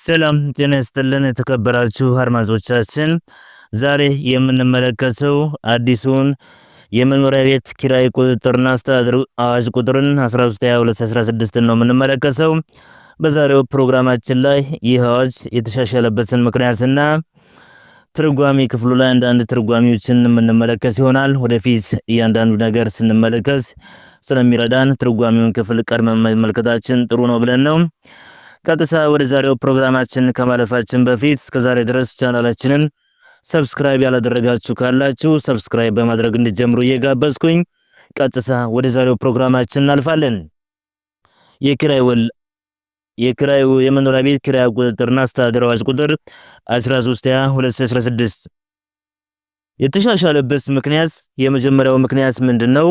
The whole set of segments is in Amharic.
ሰላም ጤና ይስጥልን የተከበራችሁ አድማጮቻችን፣ ዛሬ የምንመለከተው አዲሱን የመኖሪያ ቤት ኪራይ ቁጥጥርና አስተዳደር አዋጅ ቁጥርን 1322/16 ነው የምንመለከተው። በዛሬው ፕሮግራማችን ላይ ይህ አዋጅ የተሻሻለበትን ምክንያትና ትርጓሚ ክፍሉ ላይ አንዳንድ ትርጓሚዎችን የምንመለከት ይሆናል። ወደፊት እያንዳንዱ ነገር ስንመለከት ስለሚረዳን ትርጓሚውን ክፍል ቀድመን መመልከታችን ጥሩ ነው ብለን ነው ቀጥታ ወደ ዛሬው ፕሮግራማችን ከማለፋችን በፊት እስከዛሬ ድረስ ቻናላችንን ሰብስክራይብ ያላደረጋችሁ ካላችሁ ሰብስክራይብ በማድረግ እንዲጀምሩ እየጋበዝኩኝ ቀጥታ ወደ ዛሬው ፕሮግራማችን እናልፋለን። የኪራይ ውል የኪራይ የመኖሪያ ቤት ኪራይ ቁጥጥርና አስተዳደር አዋጅ ቁጥር 1320/2016 የተሻሻለበት ምክንያት የመጀመሪያው ምክንያት ምንድነው?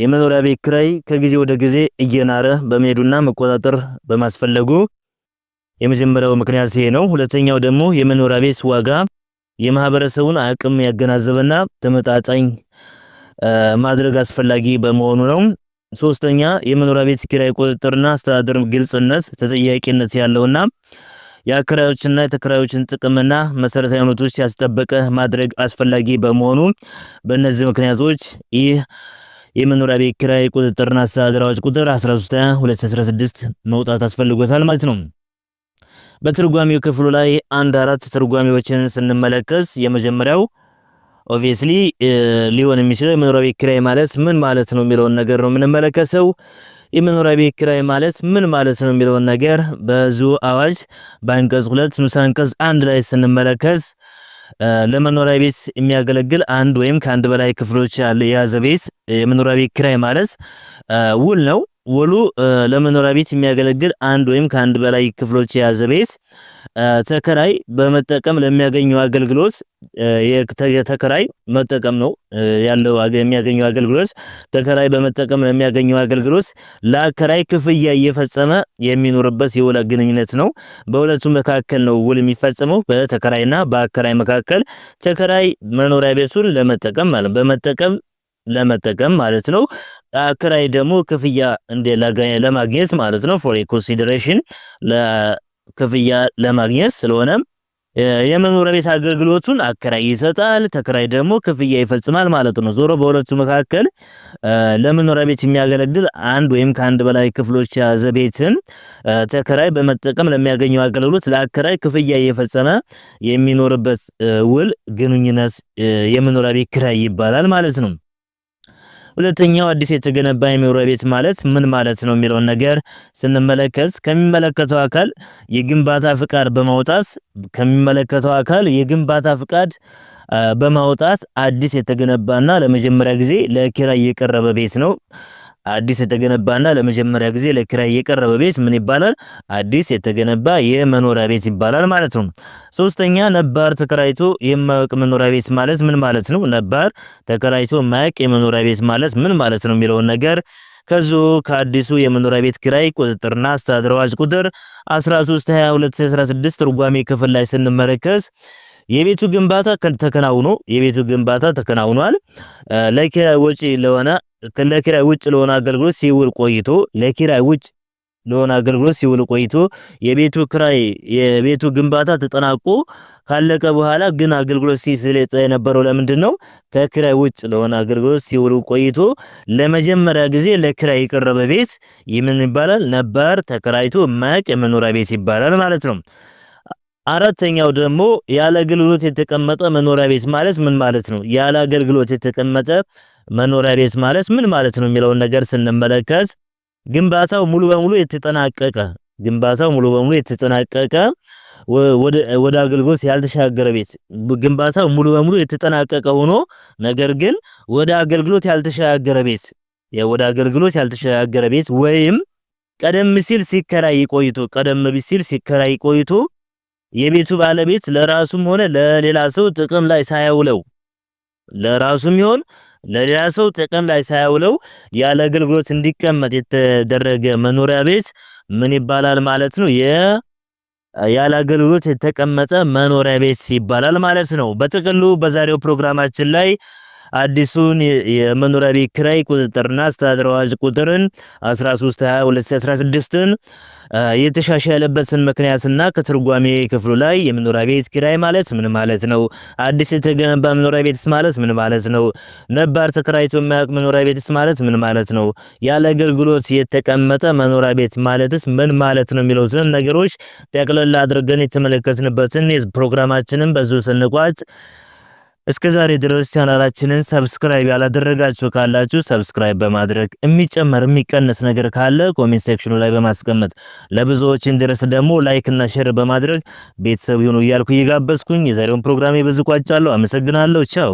የመኖሪያ ቤት ክራይ ከጊዜ ወደ ጊዜ እየናረ በመሄዱና መቆጣጠር በማስፈለጉ የመጀመሪያው ምክንያት ይሄ ነው። ሁለተኛው ደግሞ የመኖሪያ ቤት ዋጋ የማህበረሰቡን አቅም ያገናዘበና ተመጣጣኝ ማድረግ አስፈላጊ በመሆኑ ነው። ሶስተኛ የመኖሪያ ቤት ኪራይ ቁጥጥርና አስተዳደር ግልጽነት፣ ተጠያቂነት ያለውና የአከራዮችና የተከራዮችን ጥቅምና መሰረታዊ መብቶች ያስጠበቀ ማድረግ አስፈላጊ በመሆኑ በእነዚህ ምክንያቶች ይህ የመኖሪያ ቤት ኪራይ ቁጥጥርና አስተዳደር አዋጅ ቁጥር 13 2016 መውጣት አስፈልጎታል ማለት ነው። በትርጓሜው ክፍሉ ላይ አንድ አራት ትርጓሚዎችን ስንመለከት የመጀመሪያው ኦብቪየስሊ ሊሆን የሚችለው የመኖሪያ ቤት ኪራይ ማለት ምን ማለት ነው የሚለውን ነገር ነው የምንመለከተው። የመኖሪያ ቤት ኪራይ ማለት ምን ማለት ነው የሚለውን ነገር በዙ አዋጅ በአንቀጽ ሁለት ንዑስ አንቀጽ አንድ ላይ ስንመለከት ለመኖሪያ ቤት የሚያገለግል አንድ ወይም ከአንድ በላይ ክፍሎች ያለ የያዘ ቤት የመኖሪያ ቤት ክራይ ማለት ውል ነው። ውሉ ለመኖሪያ ቤት የሚያገለግል አንድ ወይም ከአንድ በላይ ክፍሎች የያዘ ቤት ተከራይ በመጠቀም ለሚያገኘው አገልግሎት ተከራይ መጠቀም ነው ያለው የሚያገኘው አገልግሎት ተከራይ በመጠቀም ለሚያገኘው አገልግሎት ለአከራይ ክፍያ እየፈጸመ የሚኖርበት የውል ግንኙነት ነው። በሁለቱ መካከል ነው ውል የሚፈጸመው በተከራይና በአከራይ መካከል። ተከራይ መኖሪያ ቤቱን ለመጠቀም ማለት በመጠቀም ለመጠቀም ማለት ነው። ከላይ ደግሞ ክፍያ እንደ ለማግኘት ማለት ነው ፎር ኮንሲደሬሽን ለክፍያ ለማግኘት ስለሆነ የመኖሪያ ቤት አገልግሎቱን አከራይ ይሰጣል፣ ተከራይ ደግሞ ክፍያ ይፈጽማል ማለት ነው። ዞሮ በሁለቱ መካከል ለመኖሪያ ቤት የሚያገለግል አንድ ወይም ከአንድ በላይ ክፍሎች የያዘ ቤትን ተከራይ በመጠቀም ለሚያገኘው አገልግሎት ለአከራይ ክፍያ እየፈጸመ የሚኖርበት ውል ግንኙነት የመኖሪያ ቤት ክራይ ይባላል ማለት ነው። ሁለተኛው አዲስ የተገነባ የመኖሪያ ቤት ማለት ምን ማለት ነው የሚለውን ነገር ስንመለከት ከሚመለከተው አካል የግንባታ ፍቃድ በማውጣት ከሚመለከተው አካል የግንባታ ፍቃድ በማውጣት አዲስ የተገነባና ለመጀመሪያ ጊዜ ለኪራይ የቀረበ ቤት ነው። አዲስ የተገነባና ለመጀመሪያ ጊዜ ለክራይ የቀረበ ቤት ምን ይባላል? አዲስ የተገነባ የመኖሪያ ቤት ይባላል ማለት ነው። ሶስተኛ ነባር ተከራይቶ የማያውቅ መኖሪያ ቤት ማለት ምን ማለት ነው? ነባር ተከራይቶ የማያውቅ የመኖሪያ ቤት ማለት ምን ማለት ነው የሚለውን ነገር ከዙ ከአዲሱ የመኖሪያ ቤት ኪራይ ቁጥጥርና አስተዳደር አዋጅ ቁጥር 22 16 ትርጓሜ ክፍል ላይ ስንመረከዝ የቤቱ ግንባታ ተከናውኖ የቤቱ ግንባታ ተከናውኗል። ለኪራይ ወጪ ለሆነ ለኪራይ ውጭ ለሆነ አገልግሎት ሲውል ቆይቶ ለኪራይ ውጭ ለሆነ አገልግሎት ሲውል ቆይቶ የቤቱ ክራይ የቤቱ ግንባታ ተጠናቆ ካለቀ በኋላ ግን አገልግሎት ሲሰጥ የነበረው ለምንድን ነው? ከክራይ ውጭ ለሆነ አገልግሎት ሲውል ቆይቶ ለመጀመሪያ ጊዜ ለክራይ የቀረበ ቤት ይምን ይባላል? ነባር ተከራይቶ የማያውቅ የመኖሪያ ቤት ይባላል ማለት ነው። አራተኛው ደግሞ ያለ አገልግሎት የተቀመጠ መኖሪያ ቤት ማለት ምን ማለት ነው? ያለ አገልግሎት የተቀመጠ መኖሪያ ቤት ማለት ምን ማለት ነው የሚለውን ነገር ስንመለከት ግንባታው ሙሉ በሙሉ የተጠናቀቀ ግንባታው ሙሉ በሙሉ የተጠናቀቀ ወደ አገልግሎት ያልተሻገረ ቤት ግንባታው ሙሉ በሙሉ የተጠናቀቀ ሆኖ ነገር ግን ወደ አገልግሎት ያልተሻገረ ቤት ወደ አገልግሎት ያልተሻገረ ቤት ወይም ቀደም ሲል ሲከራይ ቆይቶ ቀደም ሲል ሲከራይ ቆይቶ የቤቱ ባለቤት ለራሱም ሆነ ለሌላ ሰው ጥቅም ላይ ሳያውለው ለራሱም ይሆን ለሌላ ሰው ጥቅም ላይ ሳያውለው ያለ አገልግሎት እንዲቀመጥ የተደረገ መኖሪያ ቤት ምን ይባላል ማለት ነው? ያለ አገልግሎት የተቀመጠ መኖሪያ ቤት ይባላል ማለት ነው። በጥቅሉ በዛሬው ፕሮግራማችን ላይ አዲሱን የመኖሪያ ቤት ኪራይ ቁጥጥርና አስተዳደር አዋጅ ቁጥርን 1320/2016ን የተሻሻለበትን ምክንያትና ከትርጓሜ ክፍሉ ላይ የመኖሪያ ቤት ኪራይ ማለት ምን ማለት ነው? አዲስ የተገነባ መኖሪያ ቤትስ ማለት ምን ማለት ነው? ነባር ተከራይቶ የማያውቅ መኖሪያ ቤትስ ማለት ምን ማለት ነው? ያለ አገልግሎት የተቀመጠ መኖሪያ ቤት ማለትስ ምን ማለት ነው? የሚለውን ነገሮች ጠቅለል አድርገን የተመለከትንበትን የፕሮግራማችንን በዚሁ ስንቋጭ እስከ ዛሬ ድረስ ቻናላችንን ሰብስክራይብ ያላደረጋችሁ ካላችሁ ሰብስክራይብ በማድረግ የሚጨመር የሚቀነስ ነገር ካለ ኮሜንት ሴክሽኑ ላይ በማስቀመጥ ለብዙዎች እንዲደርስ ደግሞ ላይክ እና ሼር በማድረግ ቤተሰብ ይሁኑ እያልኩ እየጋበዝኩኝ የዛሬውን ፕሮግራሜ በዚህ ቋጫለሁ። አመሰግናለሁ። ቻው